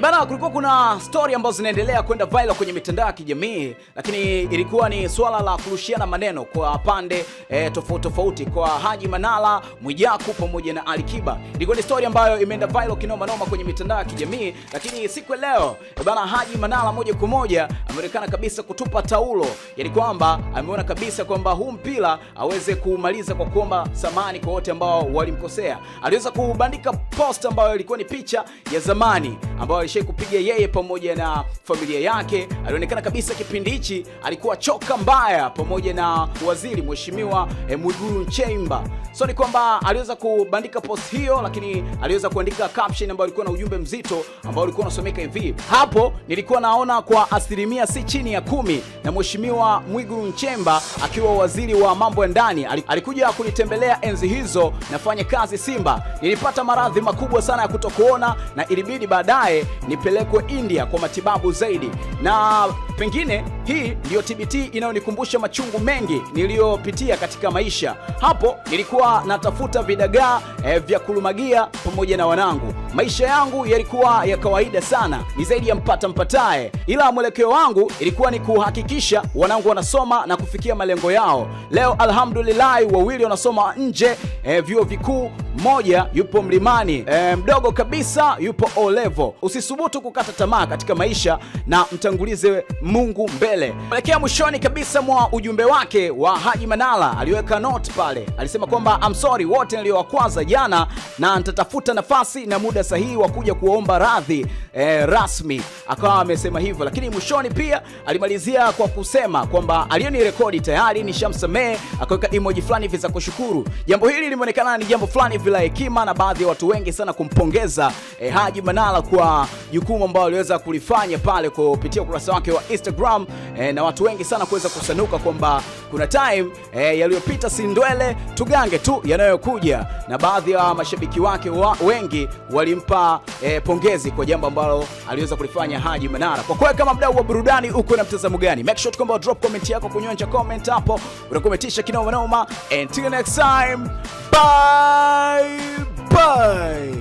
Ebana, eh, kulikuwa kuna story ambazo zinaendelea kwenda viral kwenye mitandao ya kijamii, lakini ilikuwa ni swala la kurushiana maneno kwa pande e, tofauti tofauti kwa Haji Manara, Mwijaku pamoja na Alikiba. Ilikuwa ni story ambayo imeenda viral kinoma noma kwenye mitandao ya kijamii, lakini siku leo ebana, eh, Haji Manara moja kwa moja ameonekana kabisa kutupa taulo, yani kwamba ameona kabisa kwamba huu mpira aweze kumaliza kwa kuomba samani kwa wote ambao walimkosea. Aliweza kubandika post ambayo ilikuwa ni picha ya zamani ambayo ameshai kupiga yeye pamoja na familia yake. Alionekana kabisa kipindi hichi alikuwa choka mbaya pamoja na waziri mheshimiwa eh, Mwigulu Nchemba. So ni kwamba aliweza kubandika post hiyo, lakini aliweza kuandika caption ambayo ilikuwa na ujumbe mzito ambao ulikuwa unasomeka hivi: hapo nilikuwa naona kwa asilimia si chini ya kumi na mheshimiwa Mwigulu Nchemba akiwa waziri wa mambo ya ndani alikuja kunitembelea enzi hizo nafanya kazi Simba, nilipata maradhi makubwa sana ya kutokuona na ilibidi baadaye nipelekwe India kwa matibabu zaidi, na pengine hii ndiyo TBT inayonikumbusha machungu mengi niliyopitia katika maisha. Hapo nilikuwa natafuta vidagaa eh, vya kulumagia pamoja na wanangu, Maisha yangu yalikuwa ya kawaida sana, ni zaidi ya mpata mpatae, ila mwelekeo wangu ilikuwa ni kuhakikisha wanangu wanasoma na kufikia malengo yao. Leo alhamdulillahi, wawili wanasoma nje eh, vyuo vikuu, moja yupo mlimani eh, mdogo kabisa yupo O level. Usisubutu kukata tamaa katika maisha na mtangulize Mungu mbele. mwelekea mwishoni kabisa mwa ujumbe wake wa Haji manala aliweka note pale, alisema kwamba I'm sorry wote niliowakwaza jana, na nitatafuta nafasi na muda muda sahihi wa kuja kuomba radhi eh, rasmi, akawa amesema hivyo, lakini mwishoni pia alimalizia kwa kusema kwamba rekodi tayari ni shamsamee akaweka emoji fulani hivi za kushukuru. Jambo hili limeonekana ni jambo fulani hivi la hekima na baadhi ya watu wengi sana kumpongeza eh, Haji manala kwa jukumu ambalo aliweza kulifanya pale kupitia ukurasa wake wa Instagram eh, na watu wengi sana kuweza kusanuka kwamba kuna time eh, yaliyopita si ndwele, tugange tu yanayokuja, na baadhi ya mashabiki wake wa, wengi wali alimpa eh, pongezi kwa jambo ambalo aliweza kulifanya Haji Manara. Kwa kweli kama mdau wa burudani, uko na mtazamo gani? Make sure kwamba drop comment yako kunyonja comment hapo, unakometisha kinoma noma. Until next time, bye bye.